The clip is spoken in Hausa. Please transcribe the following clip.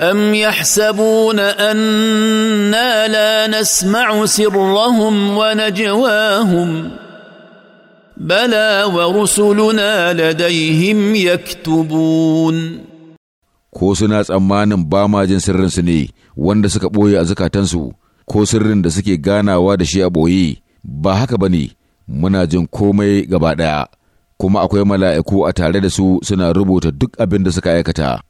أم يحسبون أنا لا نسمع سرهم ونجواهم بلى ورسلنا لديهم يكتبون ko suna tsammanin ba ma jin sirrinsu ne wanda suka ɓoye a zukatansu ko sirrin da suke ganawa da shi a ɓoye ba haka ba ne muna jin komai gaba ɗaya kuma akwai mala'iku a tare da su suna rubuta duk abin da suka aikata